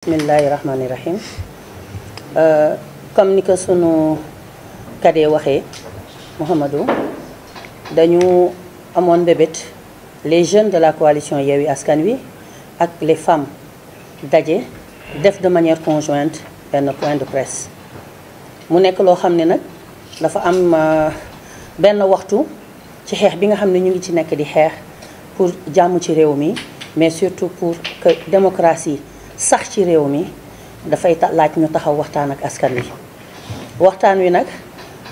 bismillahi rahmaani rahim euh, comme ni ko sunu kadee waxee Mouhamadou dañu amoon mbébét les jeunes de la coalition Yewwi Askan Wi ak les femmes daje def de manière conjointe benn point de presse mu nekk loo xam ne nag dafa am euh, benn waxtu ci xeex bi nga xam ne ñu ngi ci nekk di xeex pour jàmm ci réew mi mais surtout pour que sax ci réew mi dafay laaj ñu taxaw waxtaan ak askan wi waxtaan wi nag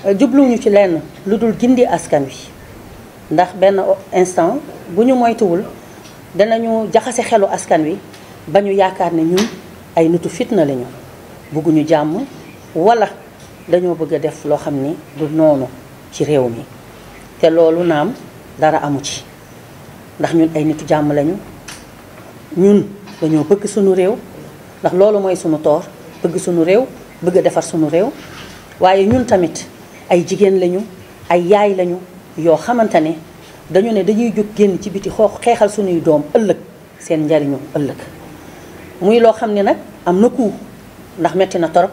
euh, jubluwuñu ci lenn lu dul gindi askan wi ndax benn instant bu ñu moytuwul danañu jaxase xelu askan wi ba ñu yaakaar ne ñun ay nitu fitna lañu bëgguñu jàmm wala dañoo bëgg a def loo xam ni du noonu ci réew mi te loolu naam dara amu ci ndax ñun ay nitu jàmm lañu ñun dañoo bëgg suñu réew ndax loolu mooy suñu toor bëgg suñu réew bëgg defar suñu réew waaye ñun tamit ay jigéen lañu ay yaay lañu yoo xamante ne dañu ne dañuy jóg génn ci biti xoo xeexal suñuy doom ëllëg seen njariñu ëllëg muy loo xam ne nag am na coût ndax metti na torop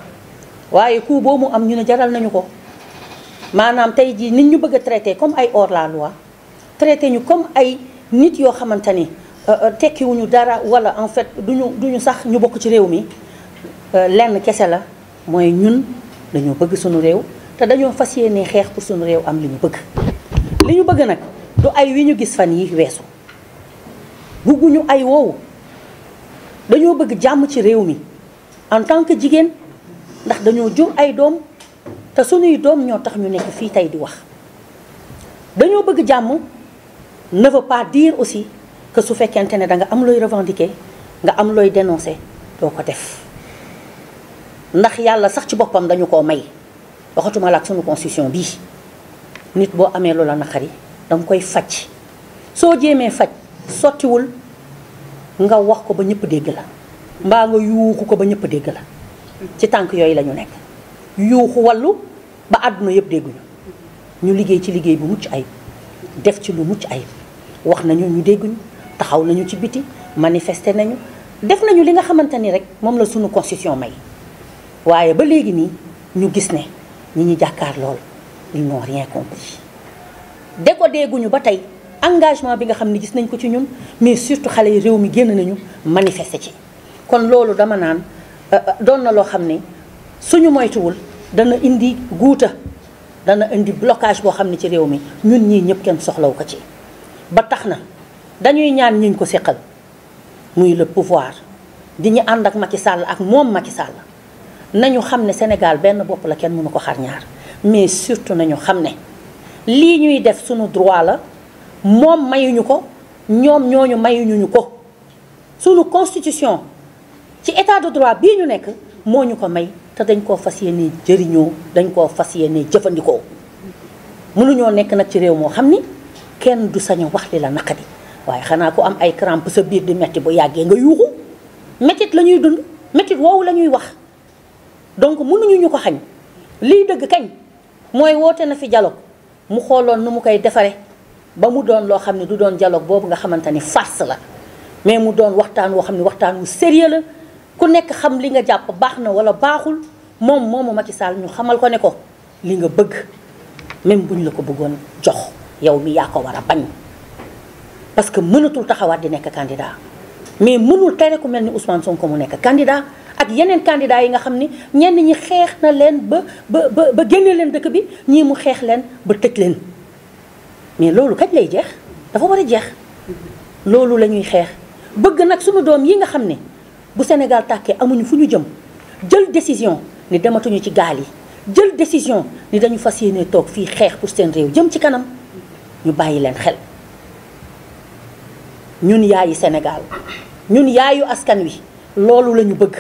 waaye coût boo mu am ñu ne jaral nañu ko maanaam tey jii nit ñu bëgg traité comme ay hors la loi traité ñu comme ay nit yoo xamante ni Euh, euh, tekkiwuñu dara wala en fait duñu duñu sax ñu bokk ci réew mi euh, lenn kese la mooy ñun dañoo bëgg suñu réew te dañoo fas yéene xeex pour suñu réew am li ñu bëgg li ñu bëgg nag du ay wi ñu gis fan yi weesu bugguñu ay woowu dañoo bëgg jàmm ci réew mi en tant que jigéen ndax dañoo jur ay doom te suñuy doom ñoo tax ñu nekk fii tey di wax dañoo bëgg jàmm ne veut pas dire aussi que su fekkente ne danga am looy revendiquer nga am looy dénoncer doo ko def ndax yàlla sax ci boppam dañu ko may waxatuma la ak sunu constitution bii nit boo amee loola naqari danga koy faj soo jéemee faj sottiwul nga wax ko ba ñëpp dégg la mbaa nga yuuxu ko ba ñëpp dégg la ci tànk yooyu lañu nekk yuuxu wallu ba àdduna yëpp dégguñu ñu liggéey ci liggéey bu mucc ayib def ci lu mucc ayib wax nañu ñu dégguñu taxaw nañu ci biti manifester nañu def nañu li nga xamante ni rek moom la sunu constition may waaye ba léegi nii ñu gis ne ñi ñu jàkkaar lool ils n'ont rien compris décodé guñu ba tey engagement bi nga xam ne gis nañ ko ci ñun mais surtout xale yi réew mi génn nañu manifester ci kon loolu dama naan euh, euh, doon na loo xam ne suñu moytuwul dana indi guuta dana indi blocage boo xam ne ci réew mi ñun ñii ñëpp kenn soxlaw ko ci ba tax na dañuy ñaan ñiñ ko seqal muy le pouvoir di ñu ànd ak Macky sàll ak moom Macky Sall nañu xam ne Sénégal benn bopp la kenn mënu ko xarñaar mais surtout nañu xam ne lii ñuy def suñu droit la moom mayuñu ko ñoom ñooñu mayuñuñu ko suñu constitution ci état de droit bii ñu nekk moo ñu ko may te dañ koo fas yéene jëriñoo dañ koo fas yéene jëfandikoo mënuñoo nekk nag ci réew moo xam ni kenn du sañ a wax li la naqadi waaye xanaa ku am ay crampe sa biir di métti bu yàggee nga yuuxu métit la ñuy dund métit woowu la ñuy wax donc mënuñu ñu ko xañ lii dëgg kañ mooy woote na fi dialogue mu xooloon nu mu koy defaree ba mu doon loo xam ne du doon dialogue boobu nga xamante ni farce la mais mu doon waxtaan woo xam ne waxtaan wu sérieux la ku nekk xam li nga jàpp baax na wala baaxul moom moomu ci saal ñu xamal ko ne ko li nga bëgg même buñ la ko bëggoon jox yow mi yaa ko war a bañ parce que mënatul taxawaat di nekk candidat mais mënul tere ku mel ni Ousmane ko mu nekk candidat ak yeneen candidat yi nga xam ni ñenn ñi xeex na leen ba ba ba ba génne leen dëkk bi ñii mu xeex leen ba tëj leen mais loolu kañ lay jeex dafa war a jeex loolu la ñuy xeex bëgg nag suma doom yi nga xam ne bu Sénégal tàkkee amuñu fu ñu jëm jël décision ni dematuñu ci gaal yi jël décision ni dañu fas yéene toog fii xeex pour seen réew jëm ci kanam ñu bàyyi leen xel ñun yaayu Sénégal ñun yaayu askan wi loolu lañu bëgg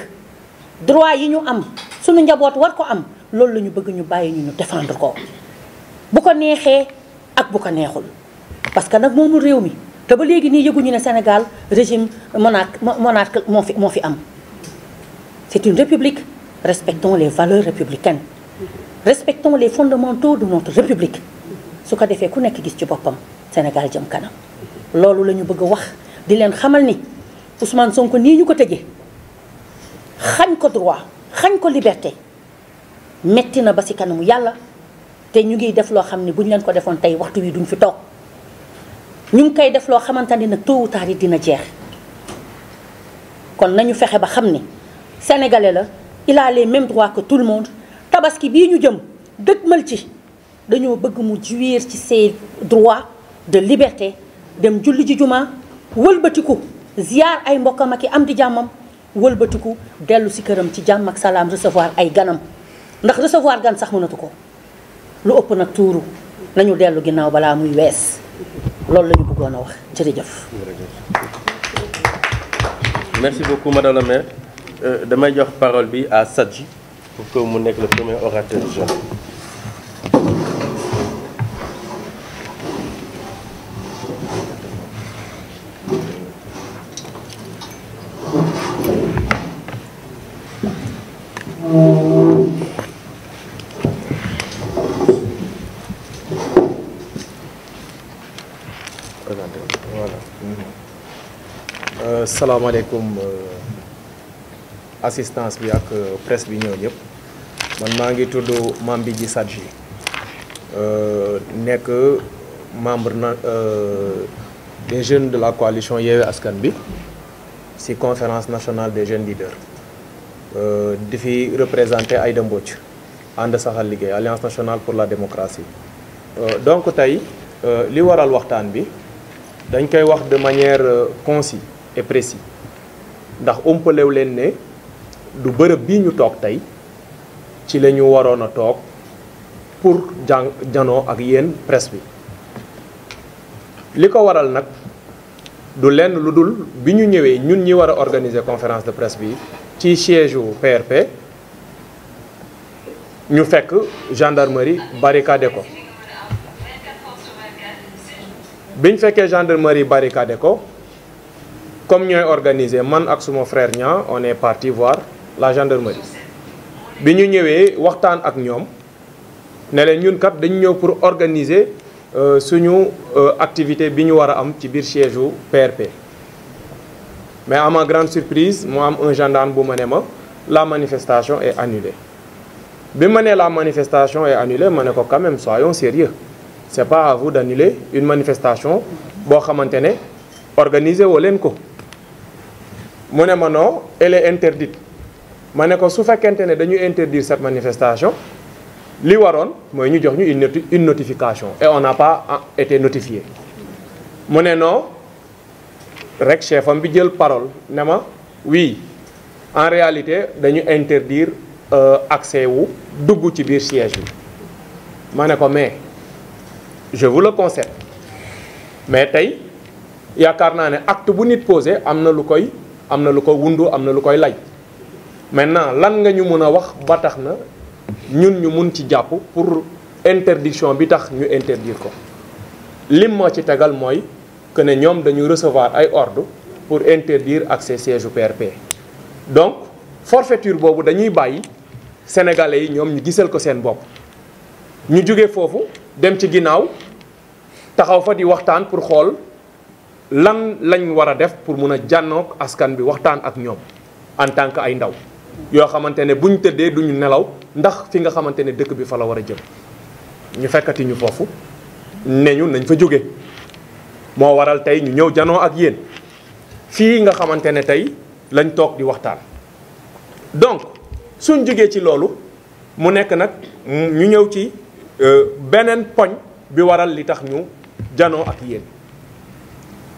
droit yi ñu am suñu njaboot war ko am loolu la ñu bëgg ñu bàyyi ñu ñu défendre ko bu ko neexee ak bu ko neexul parce que nag moomu réew mi te ba léegi nii yëguñu ne Sénégal régime monarque monarque moo fi moo fi am c'est une république respectons les valeurs républicaines respectons les fondamentaux de notre république su ko defee ku nekk gis ci boppam Sénégal jëm kanam loolu la ñu bëgg wax di leen xamal ni Ousmane Sonko nii ñu ko tëjee xañ ko droit xañ ko liberté metti na ba ci kanamu yàlla te ñu ngi def loo xam ne bu ñu leen ko defoon tey waxtu wi duñ fi toog ñu ngi koy def loo xamante ni nag tôt ou tard yi dina jeex kon nañu fexe ba xam ni sénégalais la il même les mêmes que tout le monde tabaski bii ñu jëm dëgmal ci dañoo bëgg mu jouir ci ses droits de liberté dem julli ji jumaa wëlbatiku ziyaar ay mbokkam ak yi am di jàmmam wëlbatiku dellu si këram ci jàmm ak salaam recevoir ay ganam ndax recevoir gan sax mënatu ko lu ëpp nag tuuru nañu dellu ginnaaw balaa muy wees loolu lañu ñu a wax jërëjëf. merci beaucoup madame la maire euh, damay bi à Sadji pour que mu nekk le premier salaamaaleykum euh, assistance bi ak euh, bi ñëw ñëpp man maa ngi tudd Mambidji Sadji euh, nekk membre na des jeunes de la coalition Yewwi Askan Wi ci conférence nationale des jeunes leaders di fi représenter Aïda Mbodj ànd saxal liggéey alliance nationale pour la démocratie donc tey li waral waxtaan bi dañ koy wax de manière concise et précis ndax umpalew leen ne du bërëb bii ñu toog tey ci la waroon a toog pour jang jano ak yéen presse bi li ko waral nag du lenn lu dul bi ñu ñëwee ñun ñi war a organiser conférence de presse bi ci siège u PRP ñu fekk gendarmerie barricadé ko bi ñu fekkee gendarmerie barricadé ko comme ñooy organisé man ak suma frère ñaa on est parti voir la gendarmerie bi ñu ñëwee waxtaan ak ñoom ne leen ñun kat dañu ñëw pour organiser euh, suñu euh, activité bi ñu war a am ci biir siège u PRP mais am ma grande surprise mu am un gendarme bu ma ne ma la manifestation est annulée bi ma ne la manifestation est annulée ma ne ko quand même soyons sérieux c'est pas à vous d'annuler une manifestation boo xamante ne organiser woo leen ko mu ne ma non elle est interdite ma ne ko su fekkente ne dañu interdire cette manifestation li waroon mooy ñu jox ñu une une notification a on n'a pas été notifié mu ne non rek chef am bi jël parole ne ma oui en réalité dañu interdire euh, accès wu dugg ci biir siège bi ma ne ko mais je vous le conseille mais tey yaakaar naa ne act bu nit posé am na lu koy am na lu ko wundu am na lu koy lay maintenant lan nga ñu mën a wax ba tax na ñun ñu mun ci jàpp pour interdiction bi tax ñu interdire ko lim moo ci tegal mooy que ne ñoom dañuy recevoir ay ordre pour interdire accès siège perpe donc forfaiture boobu dañuy bàyyi sénégalais yi ñoom ñu gisal ko seen bopp ñu jóge foofu dem ci ginnaaw taxaw fa di waxtaan pour xool lan lañ war a def pour mun a jànnook askan bi waxtaan ak ñoom en tant que ay ndaw yoo xamante ne buñ tëddee duñu nelaw ndax fi nga xamante ne dëkk bi fa la war a jëm ñu fekkati ñu foofu ne ñu nañ fa jóge moo waral tey ñu ñëw janoo ak yéen fii nga xamante ne tey lañ toog di waxtaan donc suñ jógee ci loolu mu nekk nag ñu ñëw ci euh, beneen poñ bi waral li tax ñu janoo ak yéen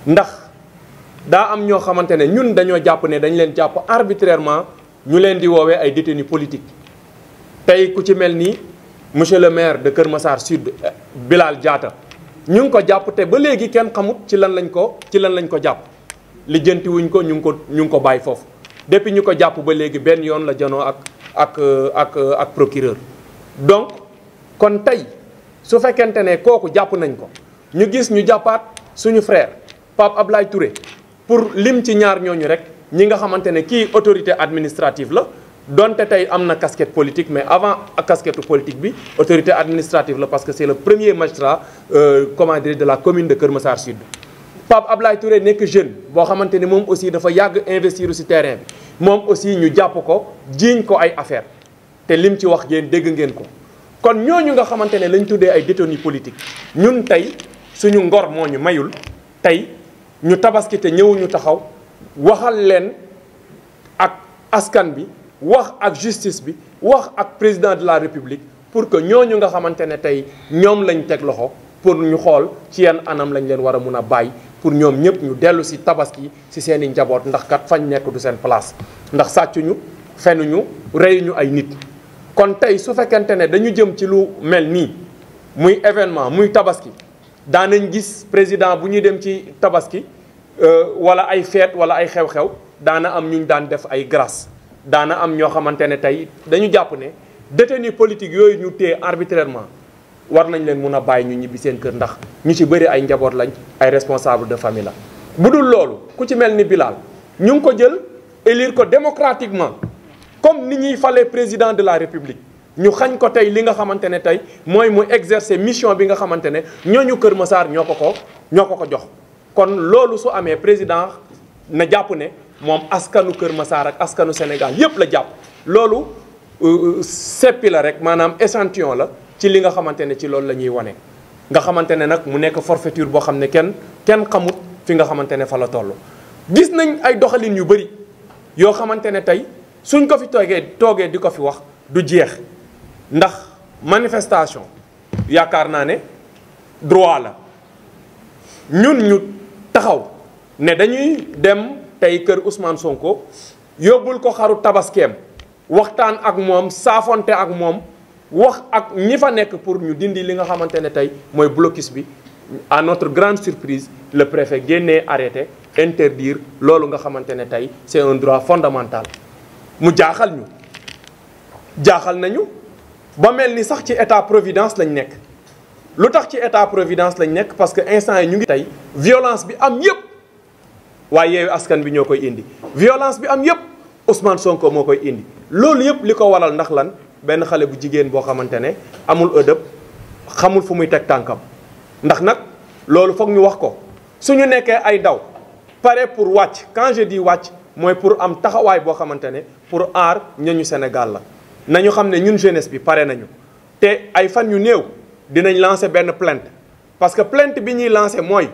ndax daa am ñoo xamante ne ñun dañoo jàpp ne dañ leen jàpp arbitrairement ñu leen di woowee ay détenus politique tey ku ci mel ni monsieur le maire de Kër Massar Sud Bilal jaata ñu ngi ko jàpp te ba léegi kenn xamut ci lan lañ ko ci lan lañ ko jàpp lijjanti wuñ ko ñu ngi ko ñu ngi ko bàyyi foofu depuis ñu ko jàpp ba léegi benn yoon la janoo ak ak ak ak procureur donc kon tey su fekkente ne kooku jàpp nañ ko ñu gis ñu jàppaat suñu frère Pape Ablaye Touré pour lim ci ñaar ñooñu rek ñi nga xamante ne kii autorité administrative la donte tey am na casquette politique mais avant casquette politique bi autorité administrative la parce que c'est le premier magistrat euh, comment de la commune de Kër Massar Sud. Pape Ablaye Touré nekk jeune boo xamante ne moom aussi dafa yàgg investir ci terrain bi moom aussi ñu jàpp ko jiiñ ko ay affaire te lim ci wax ngeen dégg ngeen ko kon ñooñu nga xamante ne lañ tuddee ay détenus politiques ñun tey suñu ngor moo ñu mayul tey. ñu tabaski te ñëwuñu taxaw waxal leen ak askan bi wax ak justice bi wax ak président de la république pour que ñoo ñu nga xamante ne tey ñoom lañ teg loxo pour ñu xool ci yenn anam lañ leen war a mun a bàyyi pour ñoom ñëpp ñu dellu si tabaski si seen i njaboot ndax kat fañ nekk du seen place ndax sàccuñu fenuñu reyuñu ay nit. kon tey su fekkente ne dañu jëm ci lu mel nii muy événement muy tabaski. daanañ gis président bu ñuy dem ci tabaski euh, wala ay feet wala ay xew-xew daana am ñu ñu daan def ay grâce daana am ñoo xamante ne tey dañu jàpp ne détenu politique yooyu ñu téye arbitrairement war nañ leen mun a bàyyi ñu ñibbi seen kër ndax ñu ci bëri ay njaboot lañ ay responsable de famille la. bu dul loolu ku ci mel ni Bilal ñu ngi ko jël élire ko démocratiquement comme ni ñuy falee président de la république. ñu xañ ko tey li nga xamante ne tey mooy mu exercer mission bi nga xamante ne ñooñu Kër Massar ñoo ko ko ñoo ko ko jox. kon loolu su amee président na jàpp ne moom askanu Kër Massar ak askanu Sénégal yépp la jàpp loolu euh, euh, seppi la rek maanaam échantillon la ci li nga xamante ne ci loolu la ñuy wane. nga xamante ne nag mu nekk forfaiture boo xam ne kenn kenn xamut fi nga xamante ne fa la toll gis nañ ay doxalin yu bëri yoo xamante ne tey suñ ko fi toogee toogee di ko fi wax du jeex. ndax manifestation yaakaar naa ne droit la ñun ñu taxaw ne dañuy dem tey kër Ousmane Sonko yóbbul ko xaru tabaskeem waxtaan ak moom saafonte ak moom wax ak ñi fa nekk pour ñu dindi li nga xamante ne tey mooy blocus bi à notre grande surprise le préfet génnee arrêté interdire loolu nga xamante ne tey c'est un droit fondamental mu jaaxal ñu jaaxal nañu ba mel ni sax ci état providence lañ nekk lu tax ci état providence lañ nekk parce que instant yi ñu ngi tey violence bi am yëpp waaye yeewu askan bi ñoo koy indi violence bi am yëpp Ousmane Sonko moo koy indi loolu yëpp li ko waral ndax lan benn xale bu jigéen boo xamante ne amul ëdëb xamul fu muy teg tànkam ndax nag loolu foog ñu wax ko suñu nekkee ay daw pare pour wàcc quand je dis wàcc mooy pour am taxawaay boo xamante ne pour aar ñañu Sénégal la nañu xam ne ñun jeunesse bi pare nañu te ay fan yu néew dinañ lancer benn plainte parce que plainte bi ñuy lancer mooy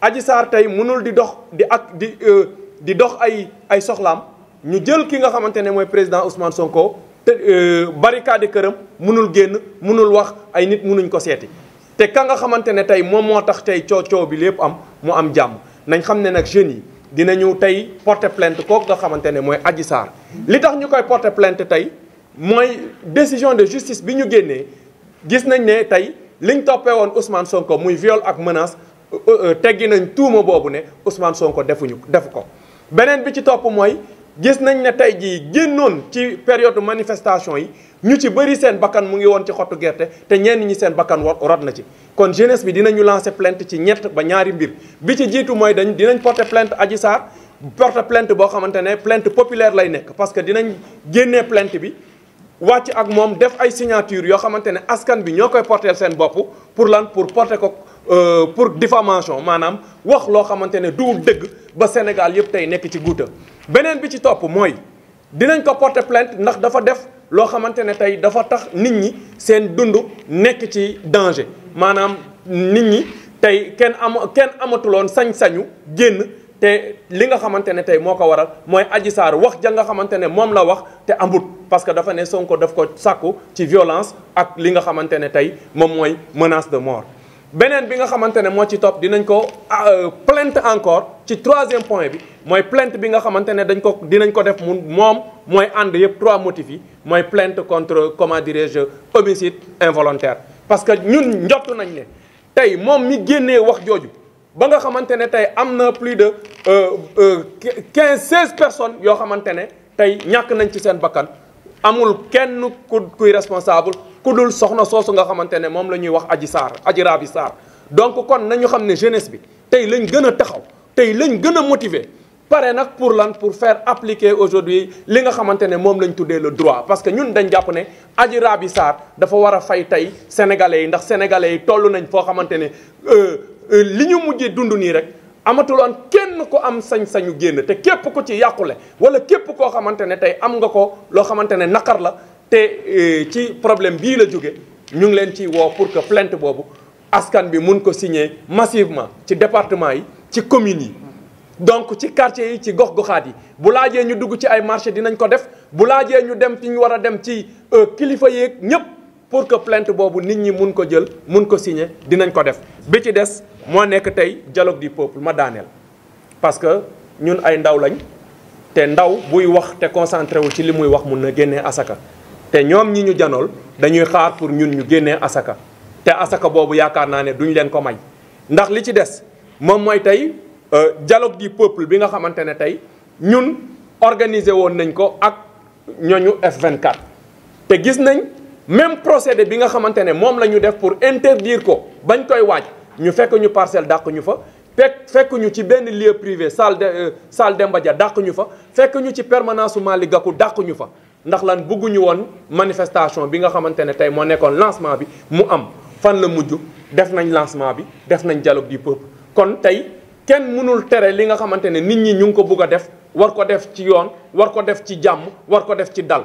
Adji Sarr tey mënul di dox di ak di euh, di dox ay ay soxlaam ñu jël ki nga xamante ne mooy président Ousmane Sonko te euh, barricade këram mënul génn mënul wax ay nit mënuñ ko seeti te ka nga xamante ne tey moom moo tax tey coow coow bi lépp am mu am jàmm nañ xam ne nag jeunes yi dinañu tey porter plainte kooku nga xamante ne mooy Adji Sarr li tax ñu koy porter plainte tey. mooy décision de justice bi ñu génnee gis nañ ne tey liñ toppee woon Ousmane Sonko muy viole ak menace euh, euh, teggi nañ tuuma boobu ne Ousmane Sonko defuñu defu ko. beneen bi ci topp mooy gis nañ ne tey jii génnoon ci période manifestation yi ñu ci bëri seen bakkan mu ngi woon ci xottu gerte te ñenn ñi seen bakkan rot na ci. kon jeunesse bi dinañu lancer plainte ci ñett ba ñaari mbir bi ci jiitu mooy dañ dinañ porter plainte Adji Sarr porter plainte boo xamante ne plainte populaire lay nekk parce que dinañ génnee plainte bi. wàcc ak moom def ay signature yoo xamante ne askan bi ñoo koy porter seen bopp pour lan pour porter ko euh, pour diffamation maanaam wax loo xamante ne duwul dëgg ba Sénégal yëpp tey nekk ci guuta beneen bi ci topp mooy dinañ ko porter plainte ndax dafa def loo xamante ne tey dafa tax nit ñi seen dund nekk ci danger maanaam nit ñi tey kenn am kenn amatuloon sañ-sañu génn te li nga xamante ne tey moo ko waral mooy aji saar wax ja nga xamante ne moom la wax te ambut parce que dafa ne Sonko daf ko sàkku ci violence ak li nga xamante ne tey moom mooy menace de mort. beneen bi nga xamante ne moo ci topp dinañ ko ah, euh, plainte encore ci troisième point bi mooy plainte bi nga xamante ne dañ ko dinañ ko def mu moom mooy ànd yëpp trois motifs yi mooy plainte contre comment dirais-je homicide involontaire. parce que ñun njott nañ ne tey moom mi génnee wax jooju ba nga xamante ne tey am na plus de euh, euh, quinze seize personnes yoo xamante ne tey ñàkk nañ ci seen bakkan. amul kenn ku kuy responsable ku dul soxna soosu nga xamante ne moom la ñuy wax aji saar aji rabi saar donc kon nañu xam ne jeunesse bi tey lañ gën a taxaw tey lañ gën a motiver pare nag pour lan pour faire appliquer aujourd'hui li nga xamante ne moom lañ tuddee le droit parce que ñun dañ jàpp ne aji rabi saar dafa war a fay tey sénégalais yi ndax sénégalais yi toll nañ foo xamante ne euh, euh, li ñu mujjee dund nii rek amatuloon kenn ko am sañ-sañu génn te képp ku ci yàqule wala képp koo xamante ne tey am nga ko loo xamante ne naqar la te eh, ci problème bii la jóge ñu ngi leen ci woo pour que plainte boobu askan bi mun ko signer massivement ci département yi ci communes yi donc ci quartier yi ci gox-goxaat yi bu laajee ñu dugg ci ay marché dinañ ko def bu laajee ñu dem ci ñu war a dem ci euh, kilifa yeeg ñëpp pour que plainte boobu nit ñi mun ko jël mun ko signer dinañ ko def bi ci des moo nekk tey jaloog du peuple ma daaneel parce que ñun ay ndaw lañ te ndaw buy wax te concentré wu ci li muy wax mun na génnee asaka te ñoom ñi ñu janool dañuy xaar pour ñun ñu génnee asaka te asaka boobu yaakaar naa ne duñ leen ko may ndax li ci des moom mooy tey jaloog euh, du peuple bi nga xamante ne tey ñun organiser woon nañ ko ak ñooñu F24 te gis nañ même procédé bi nga xamante ne moom la ñu def pour interdire ko bañ koy waaj ñu fekk ñu parcelle dàq ñu fa pek fekk ñu ci benn lieu privé salle de euh, salle Demba Dia dàq ñu fa fekk ñu ci permanence Malick Gakou dàq ñu fa ndax lan bëgguñu woon manifestation bi nga xamante ne tey moo nekkoon lancement bi mu am fan la mujj def nañ lancement bi def nañ dialogue du peuple kon tey kenn mënul tere li nga xamante ne nit ñi ñu ngi ko bugg a def war ko def ci yoon war ko def ci jàmm war ko def ci dal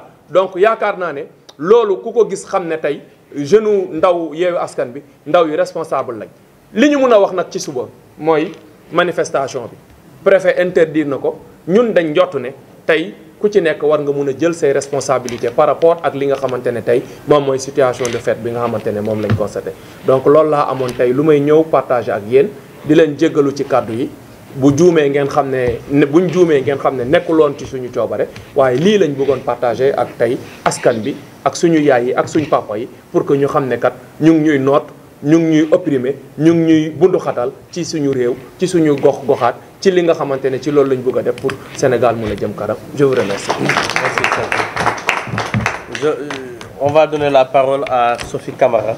yaakaar naa ne loolu ku ko gis xam ne tey jeune ndaw yeewu askan bi ndaw yi responsable lañ li ñu mun a wax nag ci suba mooy manifestation bi préfet interdire na ko ñun dañ njott ne tey ku ci nekk war nga mun a jël say responsabilités par rapport ak li nga xamante ne tey moom mooy situation de fait bi nga xamante ne moom lañ constaté donc loolu laa amoon tey lu may ñëw partager ak yéen di leen jéggalu ci kàddu yi bu juumee ngeen xam ne buñ juumee ngeen xam ne nekkuloon ci suñu coobare waaye lii lañ bëggoon partager ak tey askan bi ak suñu yaay yi ak suñu papa yi pour que ñu xam ne kat ñu ngi ñuy noot ñu ngi ñuy opprimer ñu ngi ñuy bunduxatal ci suñu réew ci suñu gox goxaat ci li nga xamante ne ci loolu lañ bëgg a def pour Sénégal mun a jëm kanam je vous remercie. merci beaucoup. je euh, on va donner la parole à Sophie Camara.